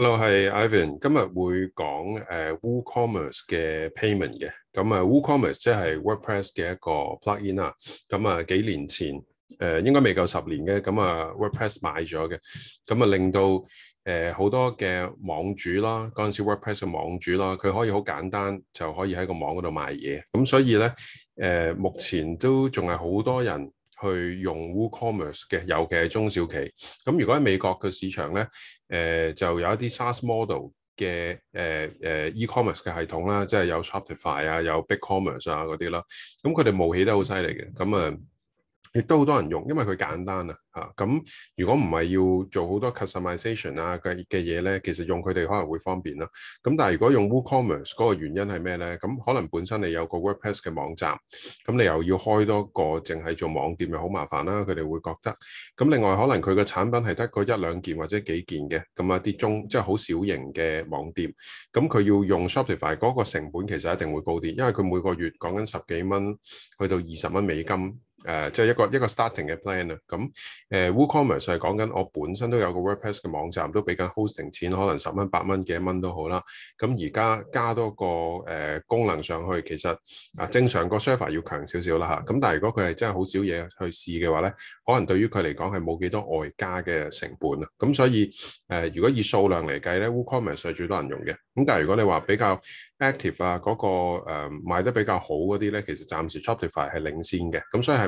hello，係 Ivan，今日會講誒 WooCommerce 嘅 payment 嘅，咁、uh, 啊 WooCommerce 即係、uh, Woo WordPress 嘅一個 plugin 啊，咁、uh, 啊幾年前誒、呃、應該未夠十年嘅，咁啊 WordPress 賣咗嘅，咁、uh, 啊令到誒好、呃、多嘅網主啦，嗰陣時 WordPress 嘅網主啦，佢可以好簡單就可以喺個網嗰度賣嘢，咁所以咧誒、呃、目前都仲係好多人。去用 WooCommerce 嘅，尤其係中小企。咁如果喺美國嘅市場咧，誒、呃、就有一啲 SaaS model 嘅誒誒、呃呃、e-commerce 嘅系統啦，即係有 Shopify 啊，有 BigCommerce 啊嗰啲啦。咁佢哋冒起得好犀利嘅。咁啊～亦都好多人用，因為佢簡單啊，嚇、啊、咁。如果唔係要做好多 customisation 啊嘅嘅嘢咧，其實用佢哋可能會方便啦、啊。咁但係如果用 WooCommerce 嗰個原因係咩咧？咁可能本身你有個 WordPress 嘅網站，咁你又要開多個淨係做網店，又好麻煩啦、啊。佢哋會覺得。咁另外可能佢個產品係得個一兩件或者幾件嘅，咁啊啲中即係好小型嘅網店，咁佢要用 Shopify 嗰個成本其實一定會高啲，因為佢每個月講緊十幾蚊去到二十蚊美金。誒、呃、即係一個一個 starting 嘅 plan 啦、啊。咁、呃、誒 WooCommerce 係講緊我本身都有個 WordPress 嘅網站，都俾緊 hosting 錢，可能十蚊八蚊幾蚊都好啦。咁而家加多個誒、呃、功能上去，其實啊正常個 server 要強少少啦嚇。咁、啊、但係如果佢係真係好少嘢去試嘅話咧，可能對於佢嚟講係冇幾多外加嘅成本啊。咁所以誒、呃、如果以數量嚟計咧，WooCommerce 係最多人用嘅。咁、啊、但係如果你話比較 active 啊，嗰、嗰個誒賣、啊、得比較好嗰啲咧，其實暫時 Shopify 係領先嘅。咁、啊、所以係。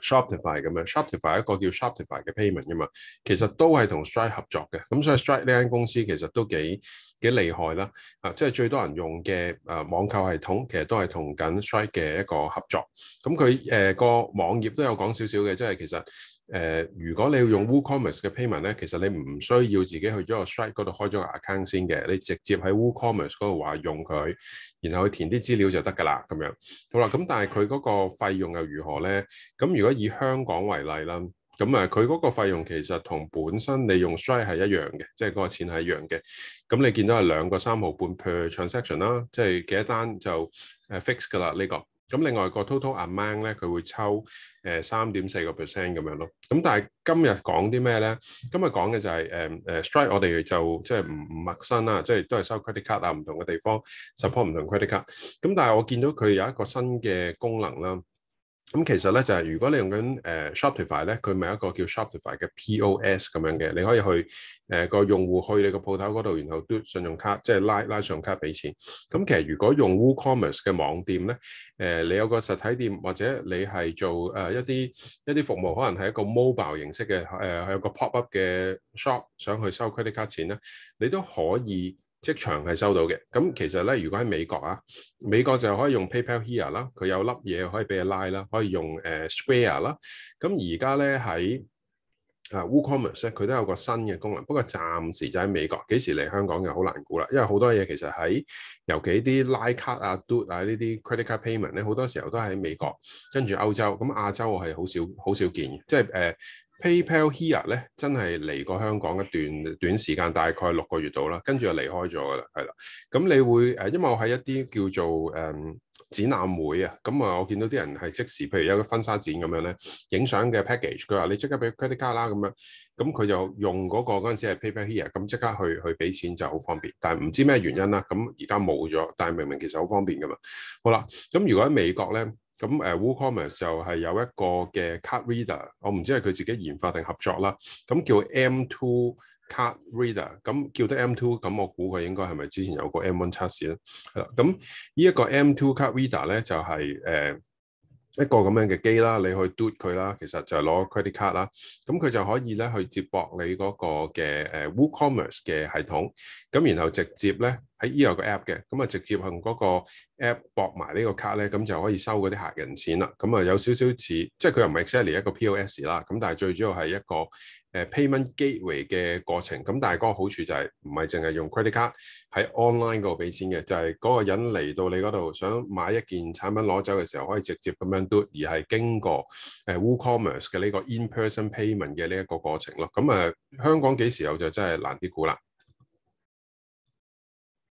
Shopify 咁樣，Shopify 一個叫 Shopify 嘅 payment 㗎嘛，其實都係同 Stripe 合作嘅，咁所以 Stripe 呢間公司其實都幾幾厲害啦，啊，即係最多人用嘅誒網購系統，其實都係同緊 Stripe 嘅一個合作，咁佢誒個網頁都有講少少嘅，即係其實。誒、呃，如果你要用 WooCommerce 嘅 payment 咧，其實你唔需要自己去咗個 Stripe 度開咗個 account 先嘅，你直接喺 WooCommerce 度話用佢，然後去填啲資料就得㗎啦，咁樣。好啦，咁但係佢嗰個費用又如何咧？咁如果以香港為例啦，咁誒佢嗰個費用其實同本身你用 Stripe 係一樣嘅，即係嗰個錢係一樣嘅。咁你見到係兩個三毫半 per transaction 啦，即係幾多單就誒 fix 㗎啦呢個。咁另外個 total amount 咧，佢會抽誒三點四個 percent 咁樣咯。咁但係今日講啲咩咧？今日講嘅就係、是、誒誒、呃、strike，我哋就即係唔唔陌生啦，即係都係收 credit card 啊，唔同嘅地方 support 唔同 credit card。咁但係我見到佢有一個新嘅功能啦。咁其實咧就係、是、如果你用緊誒 Shopify 咧，佢咪一個叫 Shopify 嘅 POS 咁樣嘅，你可以去誒、呃、個用戶去你個鋪頭嗰度，然後嘟信用卡，即係拉拉信用卡俾錢。咁其實如果用 WooCommerce 嘅網店咧，誒、呃、你有個實體店或者你係做誒、呃、一啲一啲服務，可能係一個 mobile 形式嘅誒、呃，有個 pop up 嘅 shop 想去收 credit card 錢咧，你都可以。即場係收到嘅，咁其實咧，如果喺美國啊，美國就可以用 PayPal Here 啦，佢有粒嘢可以俾你拉啦，可以用誒 Square 啦。咁而家咧喺啊 WooCommerce 佢都有個新嘅功能，不過暫時就喺美國，幾時嚟香港就好難估啦。因為好多嘢其實喺尤其啲拉卡啊、Doordah 呢啲 credit card payment 咧，好多時候都喺美國跟住歐洲，咁亞洲我係好少好少見嘅，即係誒。Uh, PayPal Here 咧真係嚟過香港一段短時間，大概六個月度啦，跟住就離開咗噶啦，係啦。咁你會誒，因為我喺一啲叫做誒、呃、展覽會啊，咁啊我見到啲人係即時，譬如有一個婚紗展咁樣咧，影相嘅 package，佢話你即刻俾 credit card 啦咁樣，咁佢就用嗰、嗰個嗰陣時係 PayPal Here，咁即刻去去俾錢就好方便。但係唔知咩原因啦，咁而家冇咗，但係明明其實好方便噶嘛。好啦，咁如果喺美國咧。咁誒，WooCommerce 就係有一個嘅 Card Reader，我唔知係佢自己研發定合作啦。咁叫 M2 Card Reader，咁叫得 M2，咁我估佢應該係咪之前有個 M1 測試咧？係啦，咁呢一個 M2 Card Reader 咧就係、是、誒。呃一個咁樣嘅機啦，你去 do 佢啦，其實就攞 credit card 啦，咁佢就可以咧去接駁你嗰個嘅 WooCommerce 嘅系統，咁然後直接咧喺依有個 app 嘅，咁啊直接用嗰個 app 駁埋呢個卡咧，咁就可以收嗰啲客人錢啦，咁啊有少少似，即係佢又唔係 exactly 一個 POS 啦，咁但係最主要係一個。誒 payment gateway 嘅過程，咁但係嗰個好處就係唔係淨係用 credit card 喺 online 嗰度俾錢嘅，就係、是、嗰個人嚟到你嗰度想買一件產品攞走嘅時候，可以直接咁樣 do，而係經過 WooCommerce 嘅呢個 in-person payment 嘅呢一個過程咯。咁、嗯、啊，香港幾時有就真係難啲估啦。